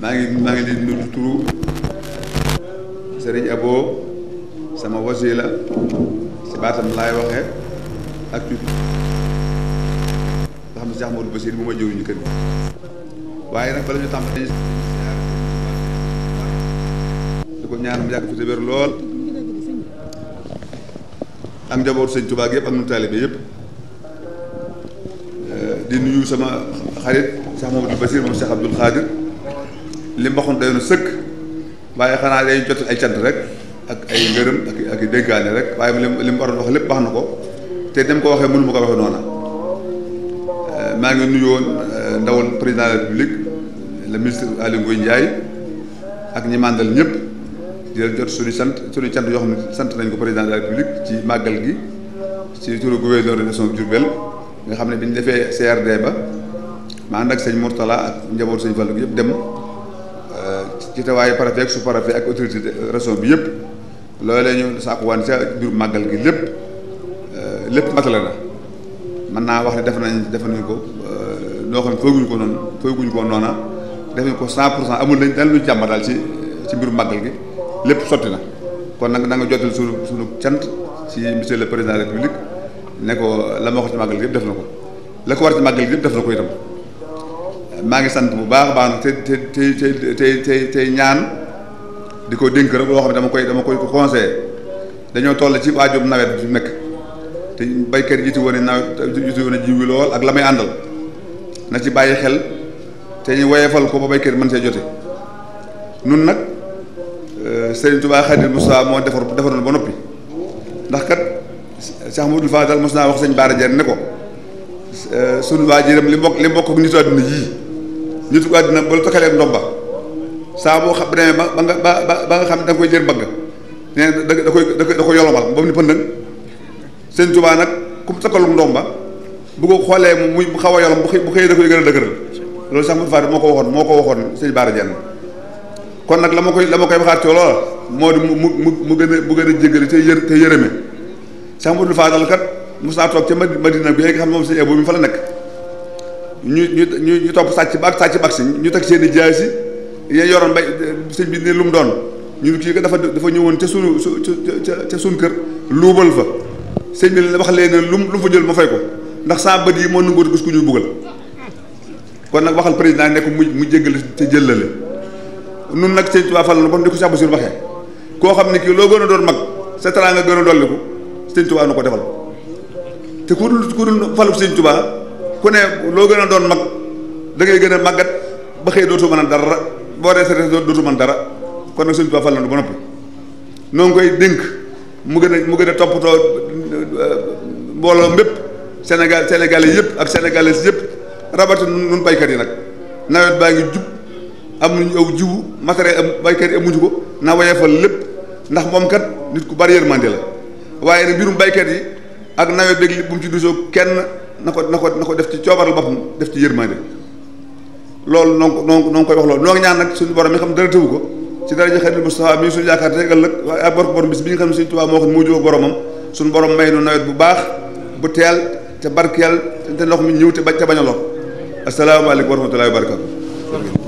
maa ngi maa ngi leen di nuyu turu sëriñ Abo sama wasila la si baatam laay waxee ak ci nga xam ne Cheikh Modou Bassir bu ma jëwuñu kër gi waaye nag bala ñu tàmbali di ko ñaan mu yàgg fi wér lool ak sëñ Tuubaa yëpp ak nu taalibe yëpp eh, di nuyu sama xarit Cheikh Modou Bassir moom Cheikh Abdoul Khadir li mu waxoon sëkk waaye xanaa day jot ay cant rek ak ay ngërëm ak ak déggaane rek waaye li mu waroon wax lépp wax na ko te dem ko waxee mënu mu ko waxee noona euh, maa ngi nuyu woon euh, ndawal président de la république le ministre Aly Ngouille ak ñi màndal ñëpp di leen jot suñu sant suñu cant yoo xam ne sant nañ ko président de la république ci màggal gi ci turu gouverneur de région Diourbel nga xam ne bi ñu defee CRD ba ma ànd ak sëñ Mourtala ak njaboot sëñ Fallou yëpp dem ci te tawaayu préfet ak sous-préfet ak autorité région bi yëpp loolee ñu sàkkuwaan ca biir màggal gi lépp euh, lépp matale na mën naa wax ne def nañ def nañ ko euh, noo xam ne fooguñu ko noonu fooguñu ko noona def nañ ko cent pour cent amul lañ dal lu daal ci ci mbiru màggal gi lépp sotti na kon nag na nga jotal suñu suñu cant ci monsieur le président de la république ne ko la ma wax ci màggal gi yëpp def na ko la ko war ci màggal gi yëpp def na ko itam maa ngi sant bu baax baax nag te te te te te te ñaan di ko dénk rek loo xam ne dama koy dama koy ko conseillé dañoo toll ci waajub nawet bi nekk te baykat yi ci woon nawet jiitu woon jiw bi lool ak la may àndal na ci bàyyi xel te ñu woyefal ko ba baykat mën see jote nun nag euh, Serigne Touba Khadim Moussa moo defar defaroon ba noppi ndax kat Cheikh Mouhamadoul Fadal mos naa wax sëñ Bara Diène ne ko euh, sunu waa jërëm li mbokk li mbokk ak nitu àdduna yii nitu ko àddina ba la takkalee ndomba saa boo xam ba ba nga ba ba nga xam da nga koy jër bëgg nee da koy da koy da koy yolomal ba mu ni pëndëng sëñ Tuubaa nag ku mu takkalu ndomba bu ko xoolee muy bu xaw a yolom bu xëy bu xëyee loolu sax mu moo ko waxoon moo ko waxoon sëñ Baara Jenn kon nag la ma koy la ma koy waxaat ci moo di mu mu mu gën a mu gën a jéggale te yër te yërëme sax mu dul faatal kat mos naa toog ca ma Madina bi nga xam moom sëñ Ebo mi fa la nekk ñu ñu ñu topp sàcc ba ak sàcc ba si ñu teg seen i jaay si yo yoroon bay sëñ bi ne lu mu doon ñu kii dafa dafa ñëwoon ca sunu ca ca sunu kër luubal fa sëñ bi wax leen ne lu mu lu mu fa jël mu fay ko ndax saa bët yi moo nanguwut gis ku ñu buggal kon nag waxal président nekk mu mu jéggale te jëllale nun nag sëñ Tuubaa fal na ba di ko sàbba sur waxee koo xam ne kii loo gën a doon mag sa teraanga nga gën a dolliku sëñ Tuubaa nu ko defal te ku dul ku dul falu sëñ Tuubaa ku ne loo gën a doon mag da ngay gën a màggat ba xëy dootu mën a dara boo dee seet dootu mën dara kon nag suñ ba fal na ba noppi noo dénk mu gën a mu gën a toppatoo euh, mbooloo Sénégal sénégalais yëpp ak sénégalaises yëpp rabatina nun baykat yi nag nawet baa ngi jub amuñu aw jiwu matériel am baykat yi amuñu ko na woyefal lépp ndax moom kat nit ku bari yërmande la waaye nag mbirum baykat yi ak nawet beeg li bu mu ci dusoo kenn. na ko na ko na ko def ci coobaral boppam def ci yërmande loolu noo ko noo ngi koy wax loolu noo ñaan nag suñu borom mi xam dara tëwu ko ci daraja Xaadimu Mustafaa mi suñu yaakaar tegal nag waaye bor borom bis bi nga xam ne suñu Tuubaa moo xam moo jóg boromam suñu borom may nu nawet bu baax bu teel te barkeel te ndox mi ñëw te bañ te bañ a lor asalaamaaleykum wa rahmatullaahi wa barakaatu